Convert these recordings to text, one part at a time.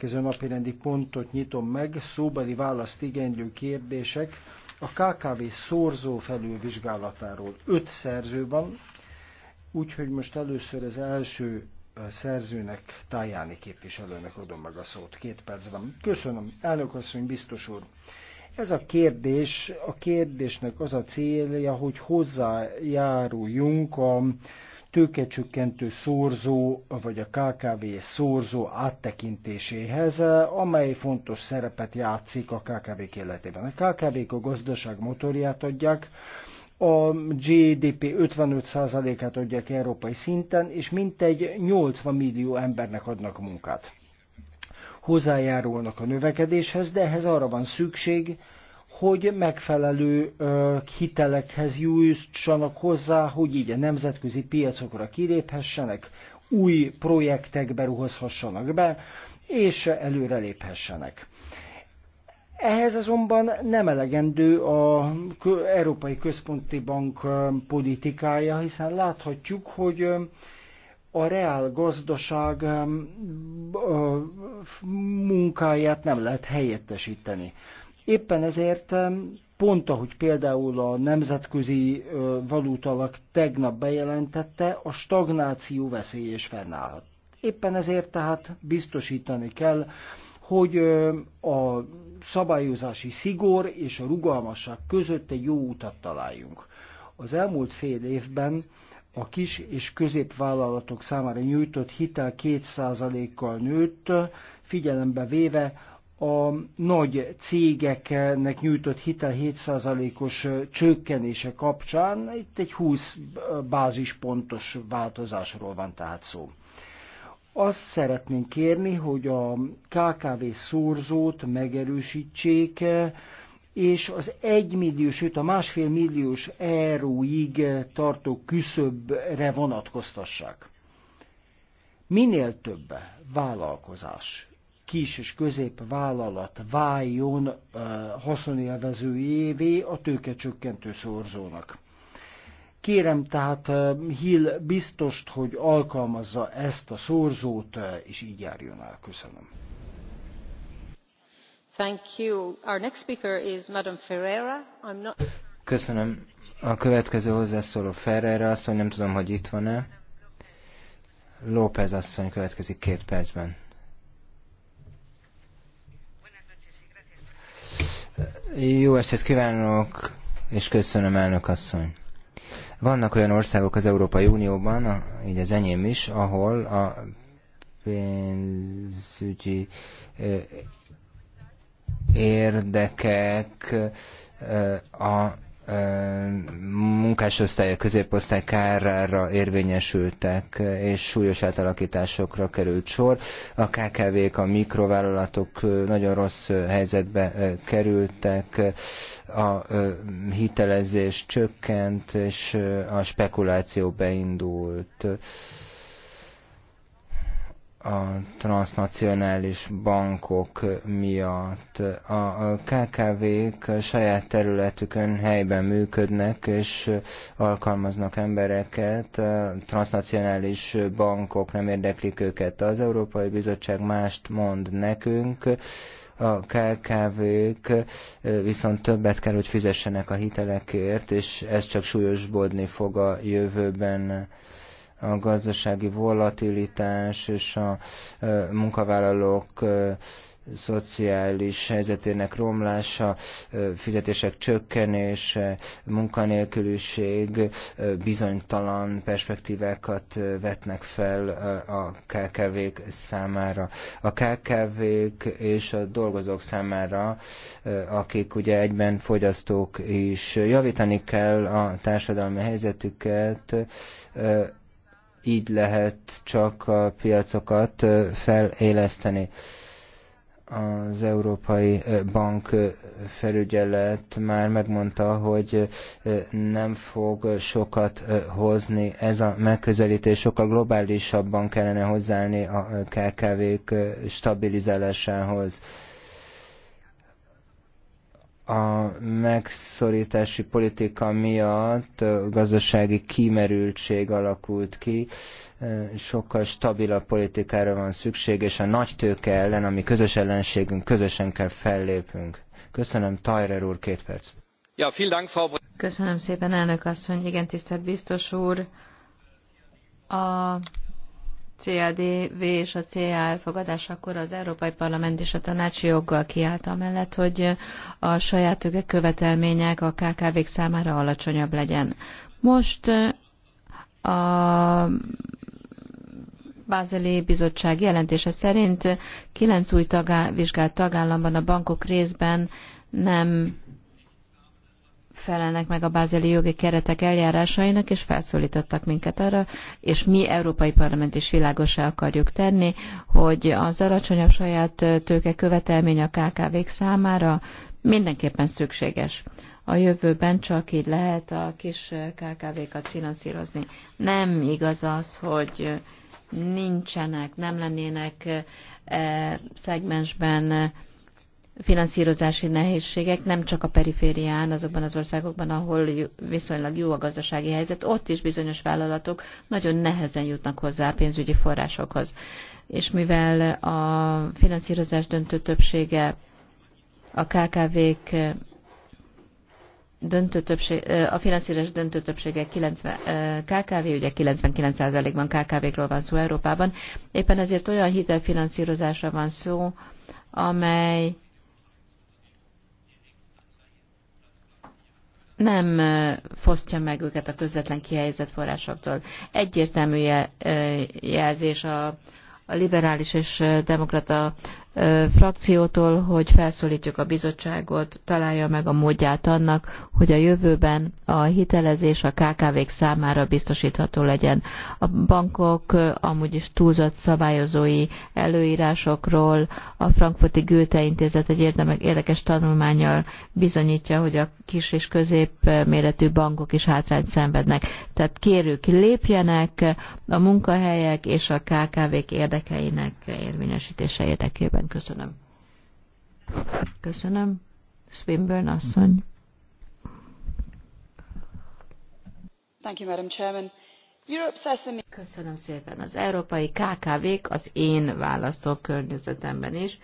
következő napirendi pontot nyitom meg, szóbeli választ igénylő kérdések a KKV szorzó felülvizsgálatáról. Öt szerző van, úgyhogy most először az első szerzőnek, Tájáni képviselőnek adom meg a szót. Két van Köszönöm, elnök asszony, biztos úr. Ez a kérdés, a kérdésnek az a célja, hogy hozzájáruljunk a tőkecsökkentő szorzó, vagy a KKV szorzó áttekintéséhez, amely fontos szerepet játszik a KKV életében. A kkv a gazdaság motorját adják, a GDP 55%-át adják európai szinten, és mintegy 80 millió embernek adnak munkát. Hozzájárulnak a növekedéshez, de ehhez arra van szükség, hogy megfelelő hitelekhez jussanak hozzá, hogy így a nemzetközi piacokra kiléphessenek, új projektekbe ruhozhassanak be, és előreléphessenek. Ehhez azonban nem elegendő a Európai Központi Bank politikája, hiszen láthatjuk, hogy a reál gazdaság munkáját nem lehet helyettesíteni. Éppen ezért pont ahogy például a Nemzetközi valótalak tegnap bejelentette, a stagnáció veszély is fennállhat. Éppen ezért tehát biztosítani kell, hogy a szabályozási szigor és a rugalmasság között egy jó utat találjunk. Az elmúlt fél évben a kis és középvállalatok számára nyújtott hitel 2%-kal nőtt, figyelembe véve a nagy cégeknek nyújtott hitel 7%-os csökkenése kapcsán itt egy 20 bázispontos változásról van tehát szó. Azt szeretnénk kérni, hogy a KKV szorzót megerősítsék, és az 1 millió, sőt a másfél milliós euróig tartó küszöbre vonatkoztassák. Minél több vállalkozás kis és vállalat váljon évé a tőkecsökkentő szorzónak. Kérem tehát Hill biztost, hogy alkalmazza ezt a szorzót, és így járjon el. Köszönöm. Thank you. Our next speaker is Madame Ferreira. I'm not... Köszönöm. A következő hozzászóló Ferreira asszony, nem tudom, hogy itt van-e. López asszony következik két percben. Jó estét kívánok, és köszönöm elnök asszony. Vannak olyan országok az Európai Unióban, így az enyém is, ahol a pénzügyi érdekek a a középosztály kárára érvényesültek, és súlyos átalakításokra került sor. A KKV-k, a mikrovállalatok nagyon rossz helyzetbe kerültek, a hitelezés csökkent, és a spekuláció beindult a transnacionális bankok miatt. A KKV-k saját területükön helyben működnek, és alkalmaznak embereket, transnacionális bankok nem érdeklik őket. Az Európai Bizottság mást mond nekünk, a KKV-k viszont többet kell, hogy fizessenek a hitelekért, és ez csak súlyosbodni fog a jövőben a gazdasági volatilitás és a munkavállalók szociális helyzetének romlása, fizetések csökkenése, munkanélküliség bizonytalan perspektívákat vetnek fel a KKV-k számára. A KKV-k és a dolgozók számára, akik ugye egyben fogyasztók is javítani kell a társadalmi helyzetüket, így lehet csak a piacokat feléleszteni. Az Európai Bank felügyelet már megmondta, hogy nem fog sokat hozni. Ez a megközelítés sokkal globálisabban kellene hozzáállni a KKV-k stabilizálásához a megszorítási politika miatt gazdasági kimerültség alakult ki, sokkal stabilabb politikára van szükség, és a nagy tőke ellen, ami közös ellenségünk, közösen kell fellépünk. Köszönöm, Tajrer úr, két perc. Ja, Dank, Frau... Köszönöm szépen, elnök asszony. Igen, tisztelt biztos úr. A CADV és a CA akkor az Európai Parlament és a Tanács joggal kiállt amellett, hogy a saját tőke követelmények a KKV-k számára alacsonyabb legyen. Most a Bázeli Bizottság jelentése szerint kilenc új tagá, vizsgált tagállamban a bankok részben nem felelnek meg a bázeli jogi keretek eljárásainak, és felszólítottak minket arra, és mi Európai Parlament is világosá akarjuk tenni, hogy az alacsonyabb saját tőke követelmény a KKV-k számára mindenképpen szükséges. A jövőben csak így lehet a kis KKV-kat finanszírozni. Nem igaz az, hogy nincsenek, nem lennének e, szegmensben finanszírozási nehézségek nem csak a periférián, azokban az országokban, ahol viszonylag jó a gazdasági helyzet, ott is bizonyos vállalatok nagyon nehezen jutnak hozzá a pénzügyi forrásokhoz. És mivel a finanszírozás döntő többsége a KKV-k döntő többsége, a finanszírozás döntő többsége 90, KKV, ugye 99%-ban KKV-król van szó Európában, éppen ezért olyan hitelfinanszírozásra van szó, amely nem fosztja meg őket a közvetlen kihelyezett forrásoktól. Egyértelmű jelzés a, a liberális és demokrata frakciótól, hogy felszólítjuk a bizottságot, találja meg a módját annak, hogy a jövőben a hitelezés a KKV-k számára biztosítható legyen. A bankok amúgy is túlzott szabályozói előírásokról, a Frankfurti Gülte Intézet egy érdekes tanulmányjal bizonyítja, hogy a kis és középméretű bankok is hátrányt szenvednek. Tehát kérjük, lépjenek a munkahelyek és a KKV-k érdekeinek érvényesítése érdekében szépen köszönöm. Köszönöm. Swinburne asszony. Thank you, Madam Chairman. Köszönöm szépen. Az európai KKV-k az én választókörnyezetemben is.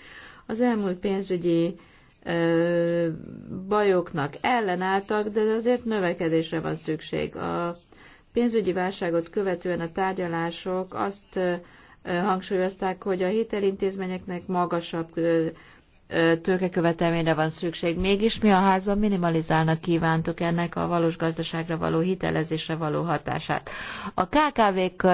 Az elmúlt pénzügyi ö, bajoknak ellenálltak, de azért növekedésre van szükség. A pénzügyi válságot követően a tárgyalások azt hangsúlyozták, hogy a hitelintézményeknek magasabb tőkekövetelményre van szükség. Mégis mi a házban minimalizálnak kívántuk ennek a valós gazdaságra való hitelezésre való hatását. A KKV-k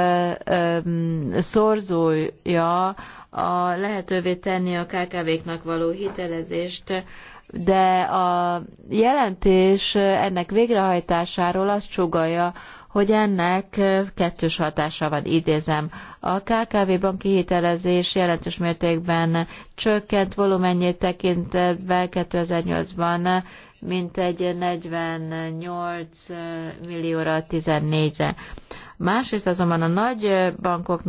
szorzója a lehetővé tenni a KKV-knak való hitelezést, de a jelentés ennek végrehajtásáról azt csugalja, hogy ennek kettős hatása van, idézem. A KKV banki hitelezés jelentős mértékben csökkent volumenjét tekintve 2008-ban mint egy 48 millióra 14-re. Másrészt azonban a nagy bankok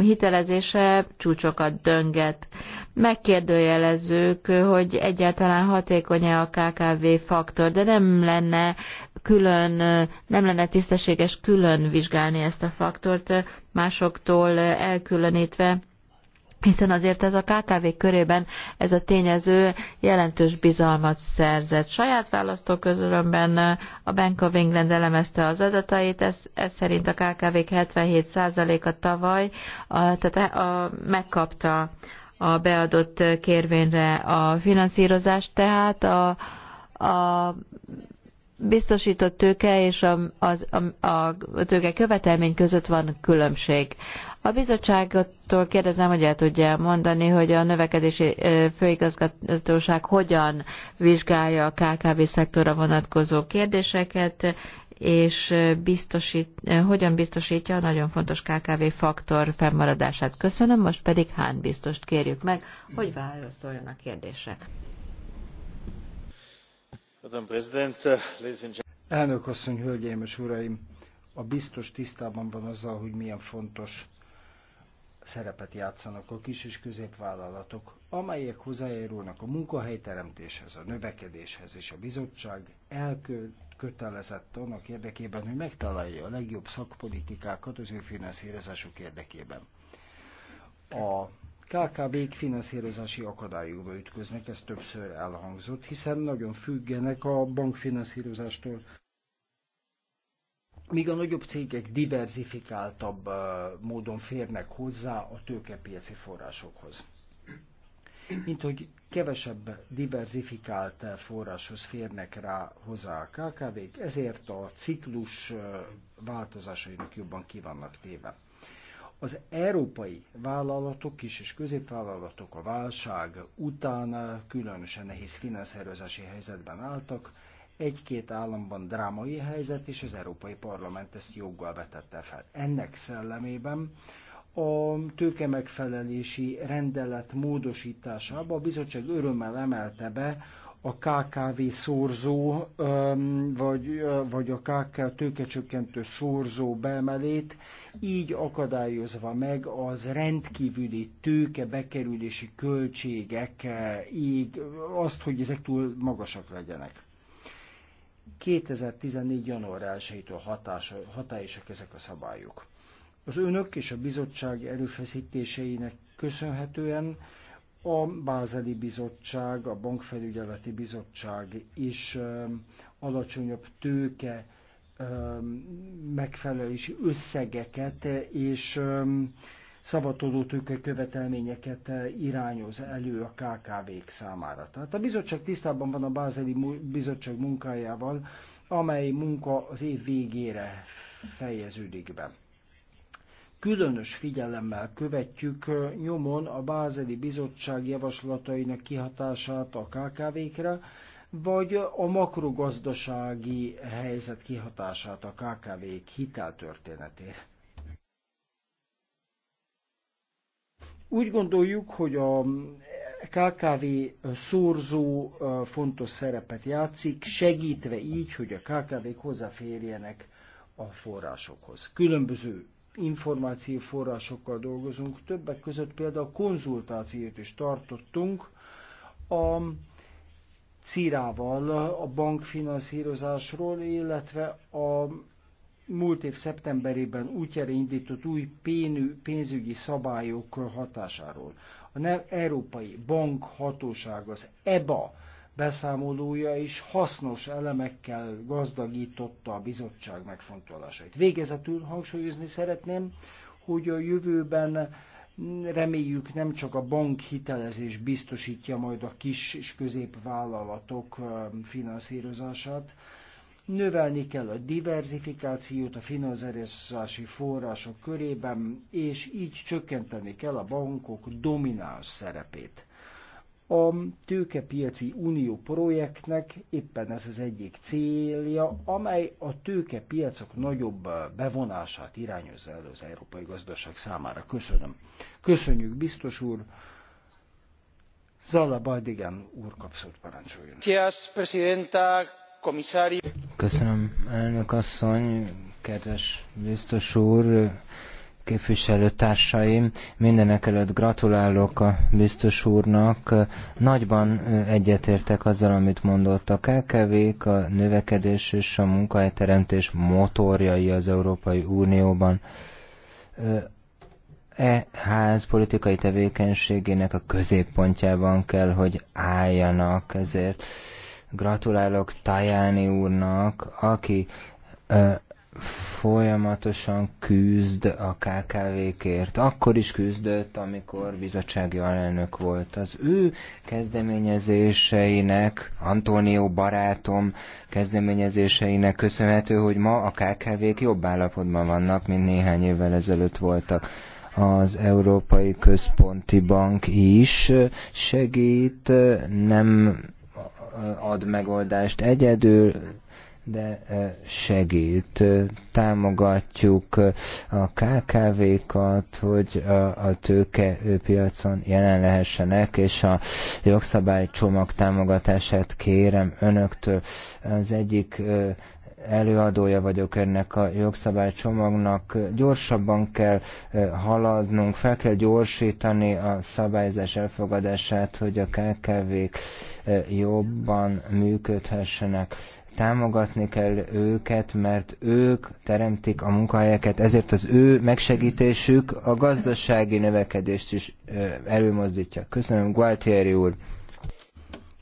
hitelezése csúcsokat dönget. Megkérdőjelezők, hogy egyáltalán hatékony-e a KKV faktor, de nem lenne külön, nem lenne tisztességes külön vizsgálni ezt a faktort másoktól elkülönítve, hiszen azért ez a KKV körében ez a tényező jelentős bizalmat szerzett. Saját választóközölömben a Bank of England elemezte az adatait, ez, ez szerint a kkv 77%-a tavaly a, tehát a, e, a, megkapta a beadott kérvényre a finanszírozást, tehát a, a biztosított tőke és a, az, a, a tőke követelmény között van különbség. A bizottságtól kérdezem, hogy el tudja mondani, hogy a növekedési főigazgatóság hogyan vizsgálja a KKV szektorra vonatkozó kérdéseket, és biztosít, hogyan biztosítja a nagyon fontos KKV faktor fennmaradását. Köszönöm, most pedig Hán biztost kérjük meg, hogy válaszoljon a kérdésre. Uh, Elnök asszony, hölgyeim és uraim! A biztos tisztában van azzal, hogy milyen fontos szerepet játszanak a kis és középvállalatok, amelyek hozzájárulnak a munkahelyteremtéshez, a növekedéshez, és a bizottság elkötelezett annak érdekében, hogy megtalálja a legjobb szakpolitikákat az ő finanszírozásuk érdekében. A KKV-k finanszírozási akadályokba ütköznek, ez többször elhangzott, hiszen nagyon függenek a bankfinanszírozástól. Míg a nagyobb cégek diverzifikáltabb módon férnek hozzá a tőkepiaci forrásokhoz. Mint hogy kevesebb diverzifikált forráshoz férnek rá hozzá a KKV-k, ezért a ciklus változásainak jobban kivannak téve. Az európai vállalatok, kis és középvállalatok a válság után eh, különösen nehéz finanszírozási helyzetben álltak, egy-két államban drámai helyzet, és az Európai Parlament ezt joggal vetette fel. Ennek szellemében a tőke megfelelési rendelet módosításába a bizottság örömmel emelte be a KKV szorzó, vagy, vagy a KK tőkecsökkentő szorzó beemelét, így akadályozva meg az rendkívüli tőke bekerülési költségek, így azt, hogy ezek túl magasak legyenek. 2014. január 1-től hatályosak ezek a szabályok. Az önök és a bizottság erőfeszítéseinek köszönhetően a Bázeli Bizottság, a Bankfelügyeleti Bizottság is um, alacsonyabb tőke um, megfelelési összegeket és um, szavatoló tőke követelményeket uh, irányoz elő a KKV-k számára. Tehát a bizottság tisztában van a Bázeli Bizottság munkájával, amely munka az év végére fejeződik be különös figyelemmel követjük nyomon a Bázeli Bizottság javaslatainak kihatását a KKV-kre, vagy a makrogazdasági helyzet kihatását a KKV-k hiteltörténetére. Úgy gondoljuk, hogy a KKV szorzó fontos szerepet játszik, segítve így, hogy a KKV-k hozzáférjenek a forrásokhoz. Különböző információforrásokkal dolgozunk, többek között például konzultációt is tartottunk a círával a bankfinanszírozásról, illetve a múlt év szeptemberében útjára indított új pénzügyi szabályok hatásáról. A nem Európai Bankhatóság, az EBA beszámolója is hasznos elemekkel gazdagította a bizottság megfontolásait. Végezetül hangsúlyozni szeretném, hogy a jövőben reméljük nem csak a bank hitelezés biztosítja majd a kis és középvállalatok finanszírozását, növelni kell a diversifikációt a finanszírozási források körében, és így csökkenteni kell a bankok domináns szerepét. A tőkepiaci unió projektnek éppen ez az egyik célja, amely a tőkepiacok nagyobb bevonását irányozza elő az európai gazdaság számára. Köszönöm. Köszönjük, biztos úr. Zala Baldigan úr kapszót parancsoljon. Köszönöm, elnök asszony, kedves biztos úr képviselőtársaim, mindenek előtt gratulálok a biztos úrnak. Nagyban egyetértek azzal, amit mondott a kkv a növekedés és a munkahelyteremtés motorjai az Európai Unióban. E ház politikai tevékenységének a középpontjában kell, hogy álljanak, ezért gratulálok Tajáni úrnak, aki folyamatosan küzd a KKV-kért. Akkor is küzdött, amikor bizottsági alelnök volt. Az ő kezdeményezéseinek, Antonio barátom kezdeményezéseinek köszönhető, hogy ma a KKV-k jobb állapotban vannak, mint néhány évvel ezelőtt voltak az Európai Központi Bank is segít, nem ad megoldást egyedül, de eh, segít. Támogatjuk eh, a KKV-kat, hogy eh, a piacon jelen lehessenek, és a jogszabálycsomag támogatását kérem önöktől. Az egyik előadója vagyok ennek a jogszabálycsomagnak. Gyorsabban kell haladnunk, fel kell gyorsítani a szabályzás elfogadását, hogy a KKV-k jobban működhessenek, támogatni kell őket, mert ők teremtik a munkahelyeket, ezért az ő megsegítésük a gazdasági növekedést is előmozdítja. Köszönöm, Gualtieri úr!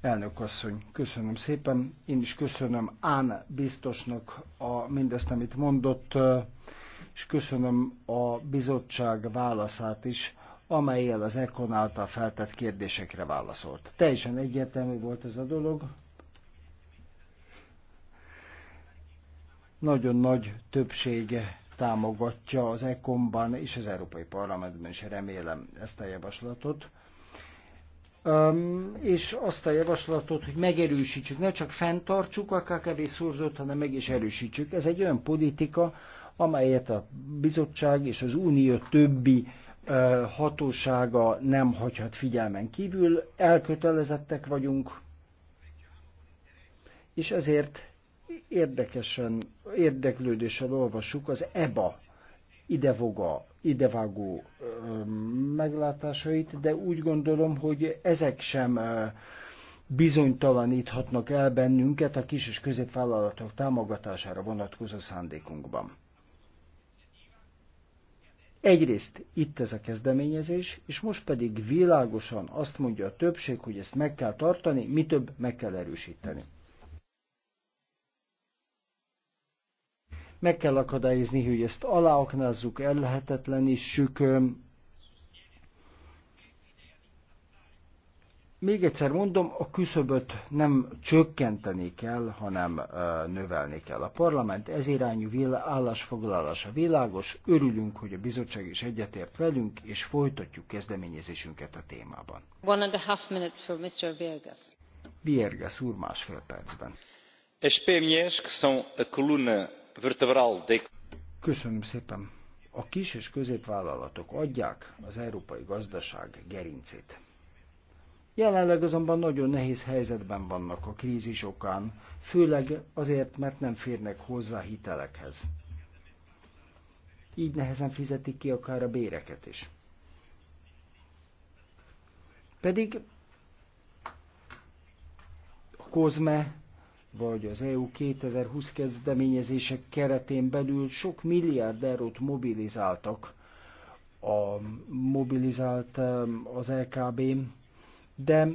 Elnök asszony, köszönöm szépen. Én is köszönöm Án biztosnak a, mindezt, amit mondott, és köszönöm a bizottság válaszát is, amelyel az Ekon által feltett kérdésekre válaszolt. Teljesen egyértelmű volt ez a dolog, nagyon nagy többsége támogatja az ECOM-ban és az Európai Parlamentben is remélem ezt a javaslatot. Um, és azt a javaslatot, hogy megerősítsük, ne csak fenntartsuk a KKV szorzót, hanem meg is erősítsük. Ez egy olyan politika, amelyet a bizottság és az unió többi uh, hatósága nem hagyhat figyelmen kívül. Elkötelezettek vagyunk, és ezért érdekesen, érdeklődéssel olvassuk az EBA idevoga, idevágó meglátásait, de úgy gondolom, hogy ezek sem bizonytalaníthatnak el bennünket a kis és középvállalatok támogatására vonatkozó szándékunkban. Egyrészt itt ez a kezdeményezés, és most pedig világosan azt mondja a többség, hogy ezt meg kell tartani, mi több meg kell erősíteni. Meg kell akadályozni, hogy ezt aláaknázzuk, ellehetetlenítsük. Még egyszer mondom, a küszöböt nem csökkenteni kell, hanem növelni kell. A parlament ez irányú állásfoglalása világos, örülünk, hogy a bizottság is egyetért velünk, és folytatjuk kezdeményezésünket a témában. One and a half minutes for Mr. Viegas. Viegas úr másfél percben. As PMEs, que são a coluna Köszönöm szépen. A kis és középvállalatok adják az európai gazdaság gerincét. Jelenleg azonban nagyon nehéz helyzetben vannak a krízis okán, főleg azért, mert nem férnek hozzá hitelekhez. Így nehezen fizetik ki akár a béreket is. Pedig a Kozme vagy az EU 2020 kezdeményezések keretén belül sok milliárd eurót mobilizáltak, a, mobilizált az LKB, de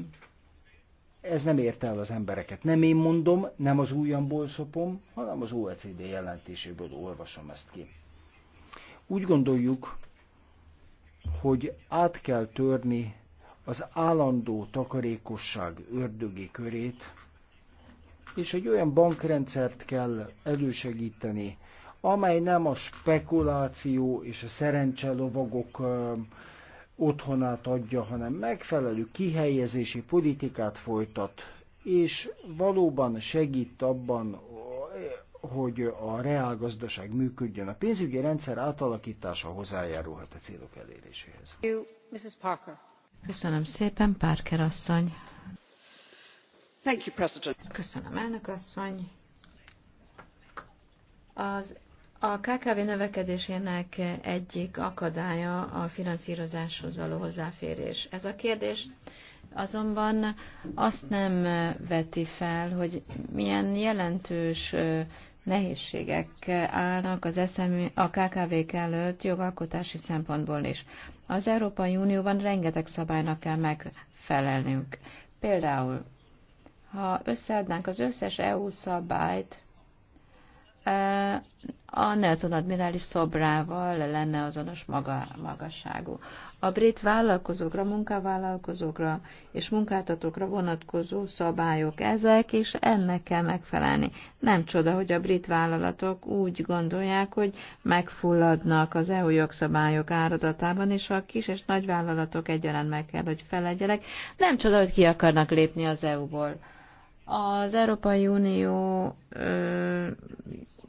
ez nem ért el az embereket. Nem én mondom, nem az újamból szopom, hanem az OECD jelentéséből olvasom ezt ki. Úgy gondoljuk, hogy át kell törni az állandó takarékosság ördögi körét, és egy olyan bankrendszert kell elősegíteni, amely nem a spekuláció és a szerencselovagok otthonát adja, hanem megfelelő kihelyezési politikát folytat, és valóban segít abban, hogy a reálgazdaság működjön. A pénzügyi rendszer átalakítása hozzájárulhat a célok eléréséhez. Köszönöm szépen, Parker asszony. Az a KKV növekedésének egyik akadálya a finanszírozáshoz való hozzáférés. Ez a kérdés azonban azt nem veti fel, hogy milyen jelentős nehézségek állnak az SMI, a KKV-k előtt jogalkotási szempontból is. Az Európai Unióban rengeteg szabálynak kell megfelelnünk. Például ha összeadnánk az összes EU szabályt, a Nelson admirális szobrával lenne azonos maga, magasságú. A brit vállalkozókra, munkavállalkozókra és munkáltatókra vonatkozó szabályok ezek, és ennek kell megfelelni. Nem csoda, hogy a brit vállalatok úgy gondolják, hogy megfulladnak az EU jogszabályok áradatában, és a kis és nagy vállalatok egyaránt meg kell, hogy felegyenek. Nem csoda, hogy ki akarnak lépni az EU-ból az Európai Unió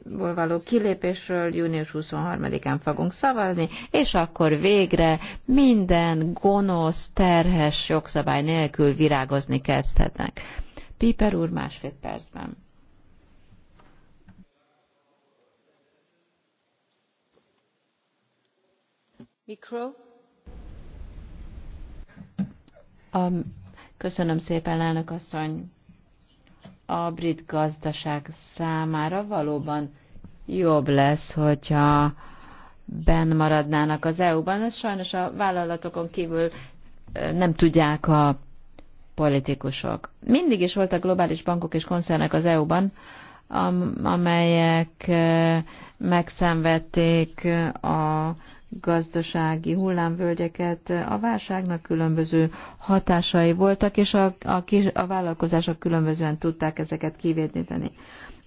való kilépésről június 23-án fogunk szavazni, és akkor végre minden gonosz, terhes jogszabály nélkül virágozni kezdhetnek. Piper úr másfél percben. Mikro. A, köszönöm szépen, elnök asszony a brit gazdaság számára valóban jobb lesz, hogyha benn maradnának az EU-ban. Ez sajnos a vállalatokon kívül nem tudják a politikusok. Mindig is voltak globális bankok és koncernek az EU-ban, amelyek megszenvedték a gazdasági hullámvölgyeket. A válságnak különböző hatásai voltak, és a, a, kis, a vállalkozások különbözően tudták ezeket kivédíteni.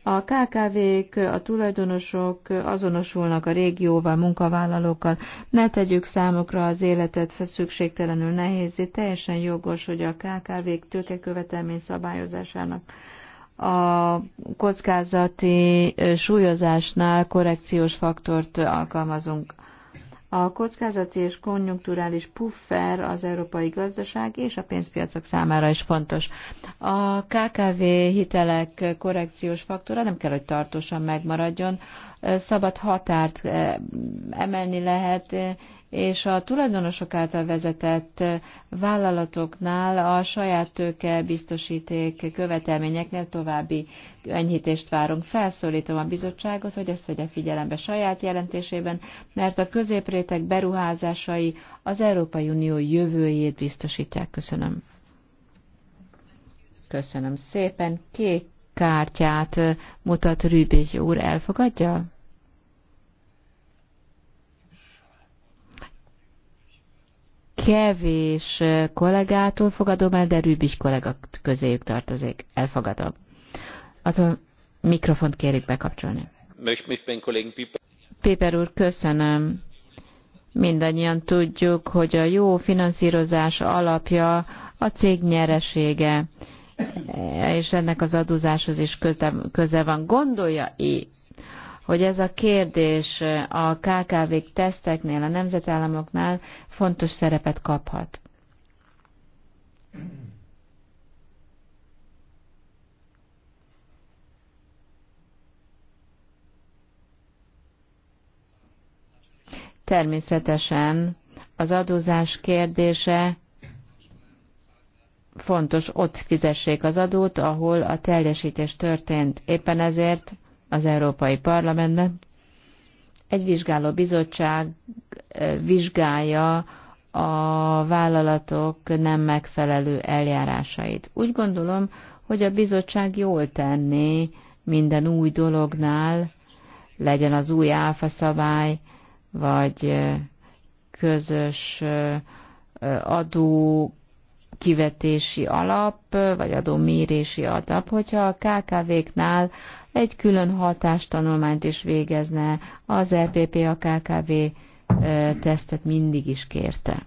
A KKV-k, a tulajdonosok azonosulnak a régióval, munkavállalókkal. Ne tegyük számukra az életet szükségtelenül nehézé. Teljesen jogos, hogy a KKV-k tőkekövetelmény szabályozásának a kockázati súlyozásnál korrekciós faktort alkalmazunk. A kockázati és konjunkturális puffer az európai gazdaság és a pénzpiacok számára is fontos. A KKV hitelek korrekciós faktora nem kell, hogy tartósan megmaradjon. Szabad határt eh, emelni lehet, és a tulajdonosok által vezetett vállalatoknál a saját tőke biztosíték követelményeknél további enyhítést várunk. Felszólítom a bizottságot, hogy ezt vegye figyelembe saját jelentésében, mert a középrétek beruházásai az Európai Unió jövőjét biztosítják. Köszönöm. Köszönöm szépen. Kék kártyát mutat Rübégy úr. Elfogadja? kevés kollégától fogadom el, de Rübis kollega közéjük tartozik. Elfogadom. Attól mikrofont kérjük bekapcsolni. Péper úr, köszönöm. Mindannyian tudjuk, hogy a jó finanszírozás alapja a cég nyeresége, és ennek az adózáshoz is köze van. Gondolja-e hogy ez a kérdés a KKV-k teszteknél, a nemzetállamoknál fontos szerepet kaphat. Természetesen az adózás kérdése fontos, ott fizessék az adót, ahol a teljesítés történt. Éppen ezért az Európai Parlamentben. Egy vizsgáló bizottság vizsgálja a vállalatok nem megfelelő eljárásait. Úgy gondolom, hogy a bizottság jól tenné minden új dolognál, legyen az új áfa szabály, vagy közös adó kivetési alap, vagy adómérési alap, hogyha a KKV-knál egy külön hatástanulmányt is végezne, az EPP a KKV tesztet mindig is kérte.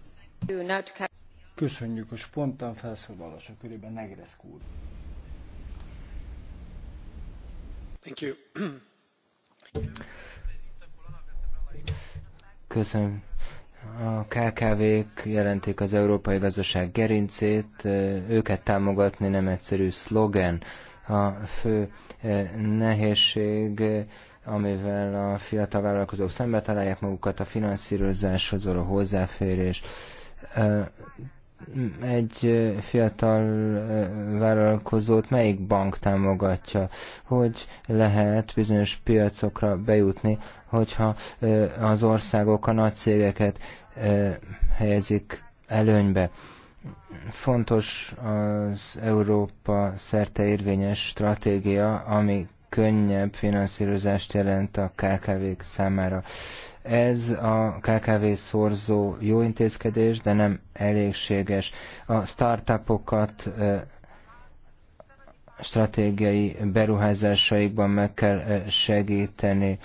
Köszönjük a spontán felszólalása körében Negresz úr. Thank you. Köszönöm a KKV-k jelentik az európai gazdaság gerincét, őket támogatni nem egyszerű szlogen. A fő nehézség, amivel a fiatal vállalkozók szembe találják magukat, a finanszírozáshoz való hozzáférés egy fiatal vállalkozót melyik bank támogatja, hogy lehet bizonyos piacokra bejutni, hogyha az országok a nagy cégeket helyezik előnybe. Fontos az Európa szerte érvényes stratégia, ami könnyebb finanszírozást jelent a KKV-k számára. Ez a KKV szorzó jó intézkedés, de nem elégséges. A startupokat stratégiai beruházásaikban meg kell segíteni.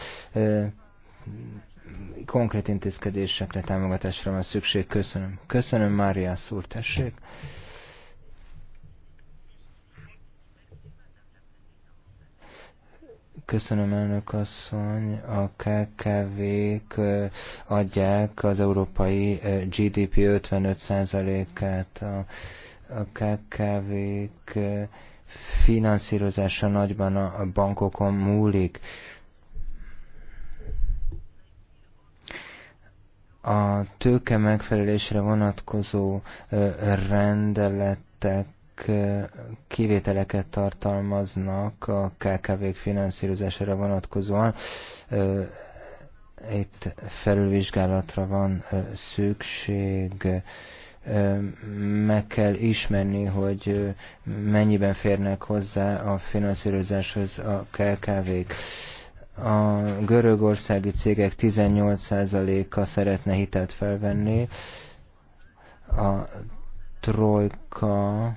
Konkrét intézkedésekre, támogatásra van szükség. Köszönöm. Köszönöm, Mária Szúr, tessék. Köszönöm, elnök asszony. A KKV-k adják az európai GDP 55%-át. A, KKV-k finanszírozása nagyban a bankokon múlik. A tőke megfelelésre vonatkozó rendeletek Eh, kivételeket tartalmaznak a KKV-k finanszírozására vonatkozóan. Eh, itt felülvizsgálatra van eh, szükség meg kell ismerni, hogy mennyiben férnek hozzá a finanszírozáshoz a KKV-k. A görögországi cégek 18%-a szeretne hitelt felvenni, a trojka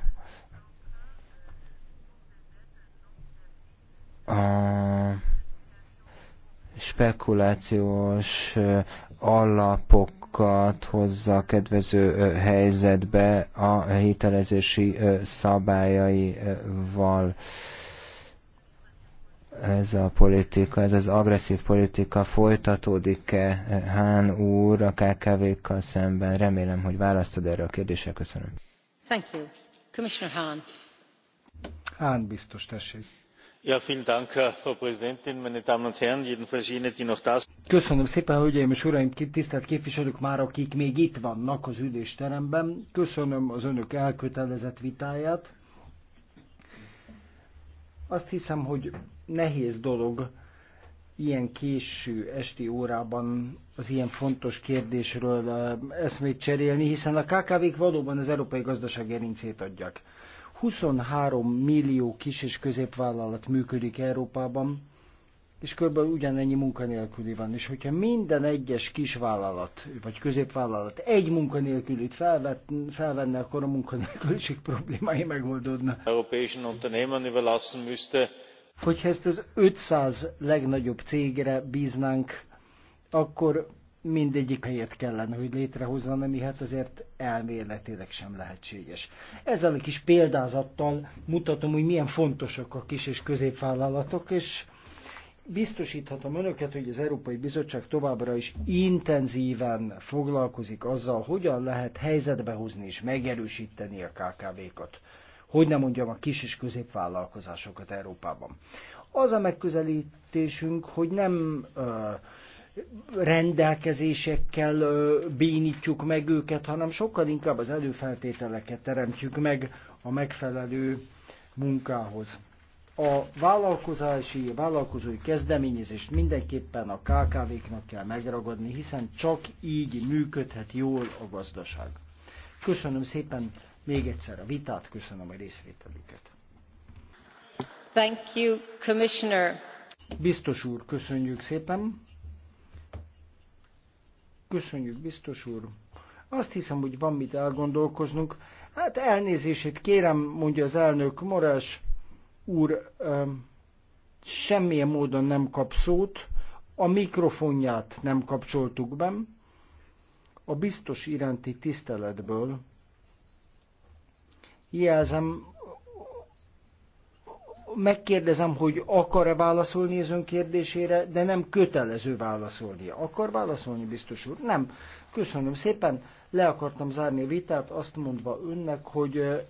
a spekulációs alapokat hozza kedvező helyzetbe a hitelezési szabályaival. Ez a politika, ez az agresszív politika folytatódik-e Hán úr a KKV-kkal szemben? Remélem, hogy választod erre a kérdésre. Köszönöm. Thank you. Commissioner Hahn. Hahn biztos, tessék frau präsidentin meine damen und herren! jedenfalls jene die noch da sind. köszönöm szépen hölgyeim és uraim tisztelt képviselők már akik még itt vannak az ülésteremben köszönöm az önök elkötelezett vitáját. azt hiszem hogy nehéz dolog ilyen késő esti órában az ilyen fontos kérdésről eh, eszmét cserélni, hiszen a KKV-k valóban az európai gazdaság gerincét adják. 23 millió kis és középvállalat működik Európában, és körülbelül ugyanennyi munkanélküli van. És hogyha minden egyes kisvállalat, vagy középvállalat egy munkanélkülit felvet, felvenne, akkor a munkanélküliség problémái megoldódna. Hogyha ezt az 500 legnagyobb cégre bíznánk, akkor mindegyik helyet kellene, hogy létrehozza, ami hát azért elméletileg sem lehetséges. Ezzel a kis példázattal mutatom, hogy milyen fontosak a kis és középvállalatok, és biztosíthatom önöket, hogy az Európai Bizottság továbbra is intenzíven foglalkozik azzal, hogyan lehet helyzetbe hozni és megerősíteni a KKV-kat. Hogy nem mondjam, a kis és középvállalkozásokat Európában. Az a megközelítésünk, hogy nem uh, rendelkezésekkel bénítjuk meg őket, hanem sokkal inkább az előfeltételeket teremtjük meg a megfelelő munkához. A vállalkozási, a vállalkozói kezdeményezést mindenképpen a KKV-knak kell megragadni, hiszen csak így működhet jól a gazdaság. Köszönöm szépen még egyszer a vitát, köszönöm a részvételüket. Thank you, Commissioner. Biztos úr, köszönjük szépen. Köszönjük, biztos úr. Azt hiszem, hogy van mit elgondolkoznunk. Hát elnézését kérem, mondja az elnök Morás úr, semmilyen módon nem kap szót, a mikrofonját nem kapcsoltuk be, a biztos iránti tiszteletből jelzem megkérdezem, hogy akar-e válaszolni az ön kérdésére, de nem kötelező válaszolni. Akar válaszolni, biztos úr? Nem. Köszönöm szépen. Le akartam zárni a vitát, azt mondva önnek, hogy